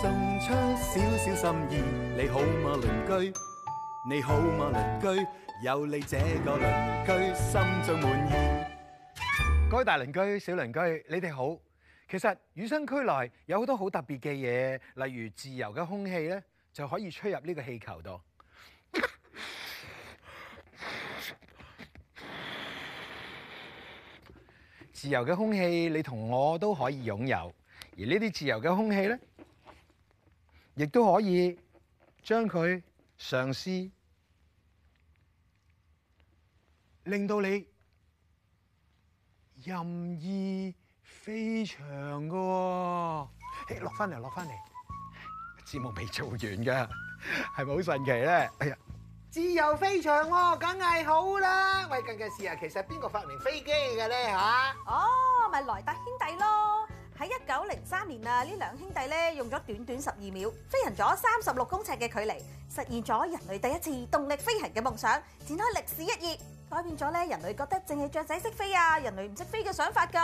送出少少心意，你好嗎鄰居？你好嗎鄰居？有你這個鄰居，心中滿意。Yeah! 各位大鄰居、小鄰居，你哋好。其實，與生俱來有好多好特別嘅嘢，例如自由嘅空氣咧，就可以吹入呢個氣球度。 自由嘅空氣，你同我都可以擁有。而呢啲自由嘅空氣咧。亦都可以將佢嘗試，令到你任意飛翔嘅喎。誒，落翻嚟，落翻嚟，節目未做完嘅，係咪好神奇咧？哎呀，自由飛翔喎，梗係好啦。喂，近幾時啊，其實邊個發明飛機嘅咧嚇？哦，咪萊特兄弟咯。喺一九零三年啊，呢兩兄弟咧用咗短短十二秒，飛行咗三十六公尺嘅距離，實現咗人類第一次動力飛行嘅夢想，展開歷史一頁，改變咗咧人類覺得淨係雀仔識飛啊，人類唔識飛嘅想法㗎。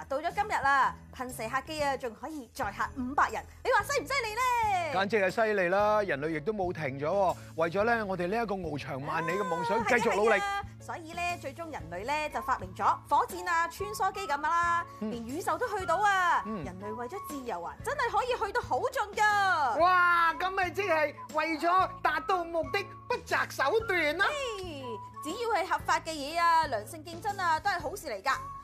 嗱，到咗今日啦，噴射客機啊，仲可以載客五百人，你話犀唔犀利咧？簡直係犀利啦！人類亦都冇停咗，為咗咧我哋呢一個翱翔萬里嘅夢想，繼續努力。所以咧，最終人類咧就發明咗火箭啊、穿梭機咁㗎啦，嗯、連宇宙都去到啊！嗯、人類為咗自由啊，真係可以去到好盡㗎。哇！咁咪即係為咗達到目的，不擇手段啦！只要係合法嘅嘢啊，良性競爭啊，都係好事嚟㗎。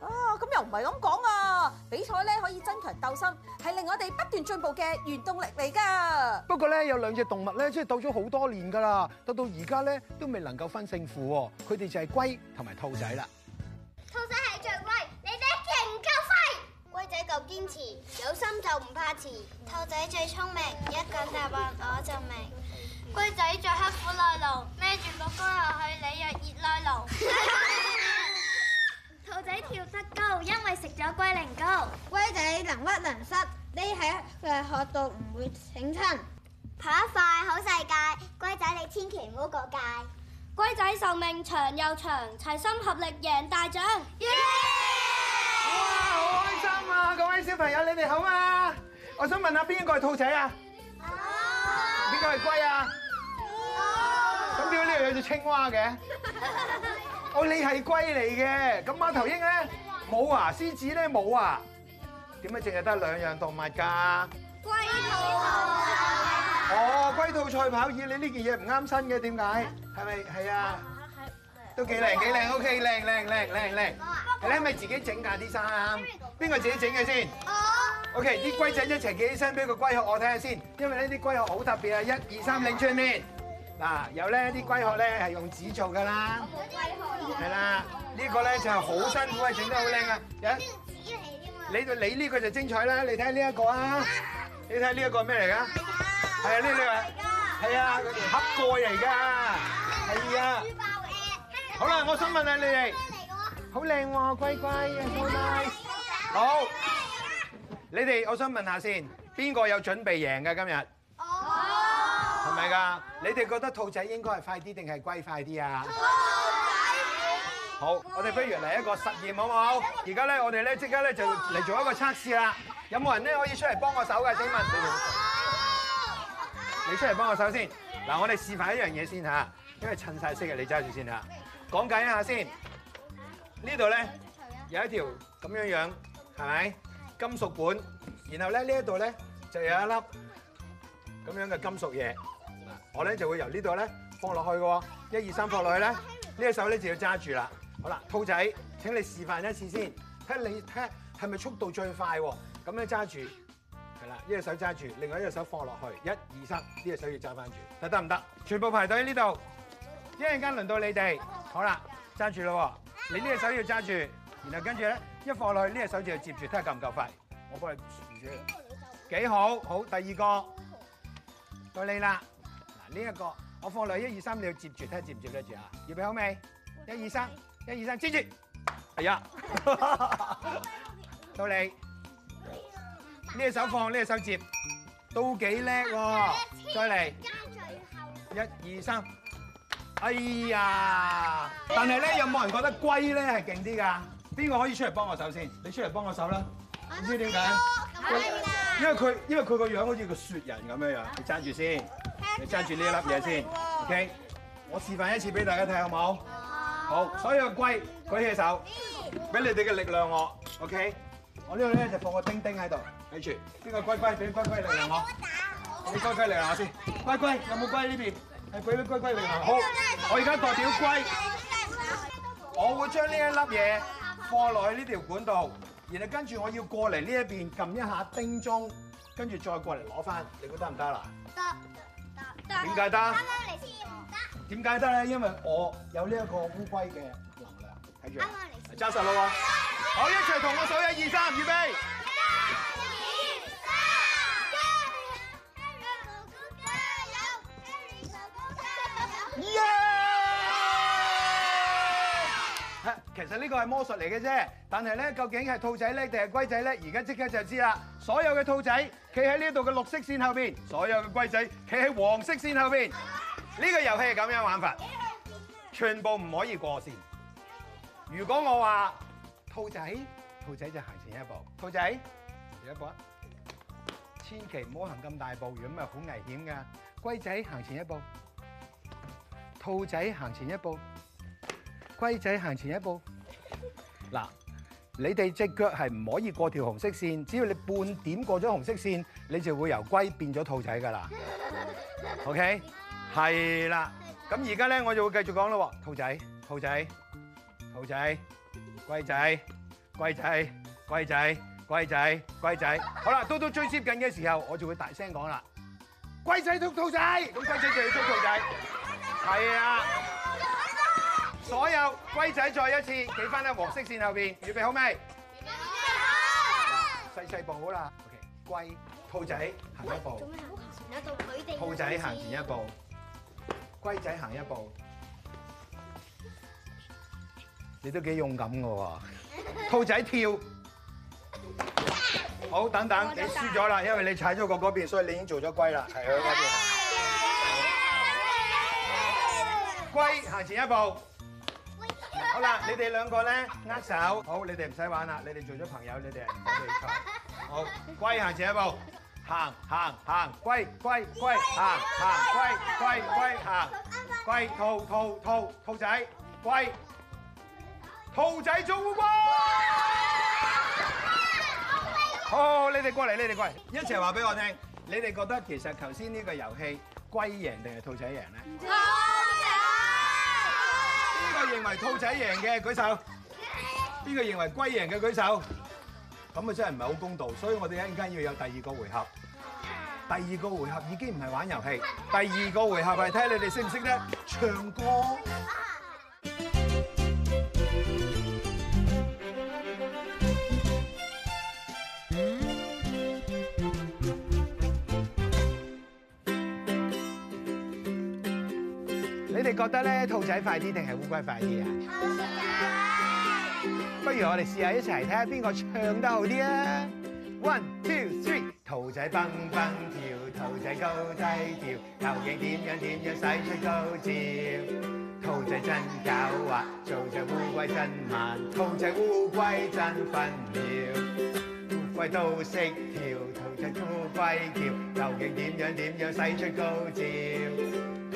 啊，咁又唔係咁講啊！比賽咧可以增強鬥心，係令我哋不斷進步嘅原動力嚟噶。不過咧，有兩隻動物咧，即係鬥咗好多年㗎啦，鬥到而家咧都未能夠分勝負喎。佢哋就係龜同埋兔仔啦。兔仔係最乖，你哋勁夠快。龜仔夠堅持，有心就唔怕遲。兔仔最聰明，一講答案我就明。龜仔最刻苦耐勞，孭住個龜殼去里約熱內盧。兔仔跳得高，因為食咗龜苓膏。龜仔能屈能伸，匿喺嘅穴度唔會醒親。跑得快好世界，龜仔你千祈唔好過界。龜仔壽命長又長，齊心合力贏大獎。哇！好開心啊！各位小朋友，你哋好啊？我想問下邊個係兔仔啊？邊個係龜啊？咁點解呢度有隻青蛙嘅？哦，你係龜嚟嘅，咁貓頭鷹咧冇啊，獅子咧冇啊，點解淨係得兩樣動物㗎？龜兔賽跑。哦，龜兔賽跑以你呢件嘢唔啱身嘅，點解？係咪？係啊。都幾靚幾靚，OK，靚靚靚靚靚。你係咪自己整㗎啲衫？邊個自己整嘅先？哦。OK，啲龜仔一齊企起身，俾個龜殼我睇下先，因為呢啲龜殼好特別啊！一二三，擰轉面。嗱，有咧啲龜殼咧係用紙做噶啦，係啦，呢個咧就係好辛苦啊整得好靚噶，有，你對你呢個就精彩啦，你睇下呢一個啊，你睇下呢一個係咩嚟噶？係啊，呢兩個係啊，盒蓋嚟㗎，係啊。好啦，我想問下你哋，好靚喎，乖乖啊，好 nice，好，你哋我想問下先，邊個有準備贏㗎今日？係噶，你哋覺得兔仔應該係快啲定係龜快啲啊？兔仔快。好，我哋不如嚟一個實驗好唔好？而家咧，我哋咧即刻咧就嚟做一個測試啦。有冇人咧可以出嚟幫我手嘅？請問，你出嚟幫我手先。嗱，我哋示範一樣嘢先吓，因為襯晒色嘅，你揸住先啦。講解一下先，呢度咧有一條咁樣樣，係咪金屬管？然後咧呢一度咧就有一粒咁樣嘅金屬嘢。我咧就會由呢度咧放落去嘅，一二三放落去咧，呢隻手咧就要揸住啦。好啦，兔仔請你示範一次先，睇你睇下，係咪速度最快？咁樣揸住，係啦，呢隻手揸住，另外一個手放落去，一二三，呢隻手要揸翻住，睇得唔得？全部排隊喺呢度，一陣間輪到你哋。好啦，揸住咯，你呢隻手要揸住，然後跟住咧一放落去，呢隻手就要接住，睇下夠唔夠快。我幫你試下，幾好？好，第二個，到你啦。呢一個我放落一二三，你要接住睇下接唔接得住啊？預備好未？一二三，一二三，接住。係啊，到你。呢隻手放，呢隻手接，都幾叻喎。再嚟。最後，一二三。哎呀！但係咧，有冇人覺得龜咧係勁啲㗎？邊個可以出嚟幫我手先？你出嚟幫我手啦。唔知點解。因為佢，因為佢個樣好似個雪人咁樣樣，你揸住先。你揸住呢一粒嘢先，OK？我示範一次俾大家睇，好唔好？好，所有嘅龜舉起手，俾你哋嘅力量我，OK？我呢度咧就放個釘釘喺度，睇住，邊個龜龜俾龜龜力量我？你龜龜力量我先，龜龜有冇龜呢邊？係龜龜龜龜力量，好，我而家代表龜，我會將呢一粒嘢放落去呢條管度，然後跟住我要過嚟呢一邊撳一下叮鐘，跟住再過嚟攞翻，你覺得唔得啦？得。點解得？啱啱嚟先，我唔得。點解得咧？因為我有呢一個烏龜嘅力量，睇住。啱啱嚟先。紮實啦喎！好，一齊同我數一二三，預備。一二三，加油！加油！加油！加油！耶！其實呢個係魔術嚟嘅啫，但係咧，究竟係兔仔叻定係龜仔叻？而家即刻就知啦。所有嘅兔仔企喺呢度嘅綠色線後邊，所有嘅龜仔企喺黃色線後邊。呢個遊戲係咁樣玩法，全部唔可以過線。如果我話兔仔，兔仔就行前一步；兔仔前一步吖，千祈唔好行咁大步，如果唔係好危險㗎。龜仔行前一步，兔仔行前一步，龜仔行前一步。嗱。 你哋隻腳係唔可以過條紅色線，只要你半點過咗紅色線，你就會由龜變咗兔仔噶啦。 OK，係啦、啊。咁而家咧，我就會繼續講咯。兔仔，兔仔，兔仔，龜仔，龜仔，龜仔，龜仔，龜仔。龜仔，龜仔 好啦，到到最接近嘅時候，我就會大聲講啦。龜仔捉兔仔，咁龜仔就要捉兔仔，係 啊！所有龜仔再一次企翻喺黃色線後邊，預備好未？預備好。細細步好啦。OK，龜、兔仔行一步。做咩啊？兔仔行前一步，龜仔行一步。你都幾勇敢㗎喎！兔仔跳。好，等等，你輸咗啦，因為你踩咗過嗰邊，所以你已經做咗龜啦。係啊，龜邊啊？龜行前一步。啦，你哋兩個咧握手，好，你哋唔使玩啦，你哋做咗朋友，你哋唔使離場。好，龜行前一步，行行行，龜龜龜，行行龜龜龜，行龜兔兔兔兔仔，龜兔仔做烏龜。好，你哋過嚟，你哋過嚟，一齊話俾我聽，你哋覺得其實頭先呢個遊戲龜贏定係兔仔贏咧？兔。邊個認為兔仔贏嘅舉手？邊個認為龜贏嘅舉手？咁啊真係唔係好公道，所以我哋一陣間要有第二個回合。第二個回合已經唔係玩遊戲，第二個回合係睇下你哋識唔識得唱歌。你哋覺得咧？兔仔快啲定係烏龜快啲啊！不如我哋試下一齊睇下邊個唱得好啲啊！One, two, three，兔仔蹦蹦跳，兔仔高低跳，究竟點樣點樣使出高照？兔仔真狡猾，做隻烏龜真慢，兔仔烏龜真分秒。烏龜都識跳，兔仔烏龜跳，究竟點樣點樣使出高照？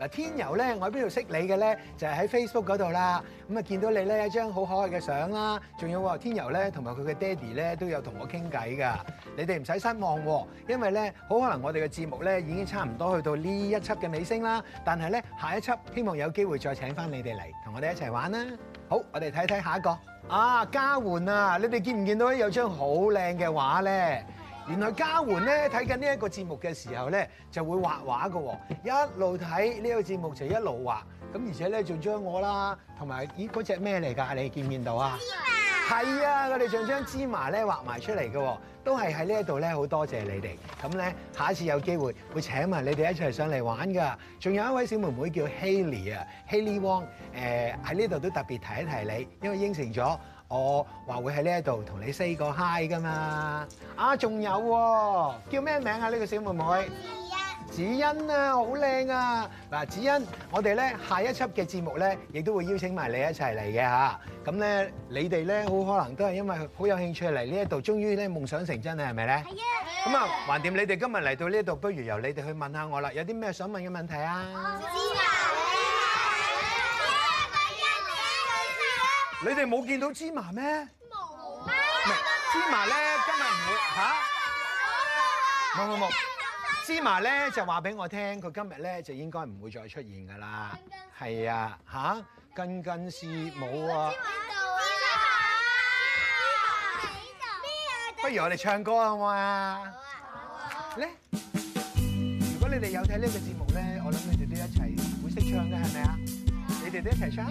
嗱，天游咧，我喺邊度識你嘅咧？就係喺 Facebook 嗰度啦。咁啊，見到你咧一張好可愛嘅相啦，仲有天游咧，同埋佢嘅爹哋咧都有同我傾偈噶。你哋唔使失望喎，因為咧好可能我哋嘅節目咧已經差唔多去到呢一輯嘅尾聲啦。但係咧下一輯希望有機會再請翻你哋嚟同我哋一齊玩啦。好，我哋睇睇下一個啊，嘉媛啊，你哋見唔見到有一張好靚嘅畫咧？原來嘉媛咧睇緊呢一個節目嘅時候咧，就會畫畫嘅喎，一路睇呢個個節目就一路畫，咁而且咧仲將我啦同埋咦嗰隻咩嚟㗎？你見唔見到啊？芝麻係啊，我哋仲將芝麻咧畫埋出嚟嘅喎，都係喺呢一度咧好多謝你哋，咁咧下一次有機會會請埋你哋一齊上嚟玩㗎。仲有一位小妹妹叫 h a l l y 啊 h a l l y Wong，喺呢度都特別提一提你，因為應承咗。我話會喺呢一度同你 say 個 hi 㗎嘛！啊，仲有叫咩名啊？呢個小妹妹。子欣。子欣啊，好靚啊！嗱，子欣，我哋咧下一輯嘅節目咧，亦都會邀請埋你一齊嚟嘅吓。咁咧，你哋咧好可能都係因為好有興趣嚟呢一度，終於咧夢想成真，你係咪咧？係啊！咁啊，橫掂你哋今日嚟到呢一度，不如由你哋去問下我啦，有啲咩想問嘅問題啊？你哋冇見到芝麻咩？冇啊！芝麻咧今日唔會吓？冇冇冇。芝麻咧就話俾我聽，佢今日咧就應該唔會再出現噶啦。係啊，吓？根根是冇啊。邊度啊？邊度？邊度？不如我哋唱歌好唔好啊？好啊！好咧，如果你哋有睇呢個節目咧，我諗你哋都一齊會識唱嘅係咪啊？你哋都一齊唱。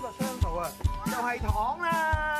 個湯頭啊，就係、是、糖啦～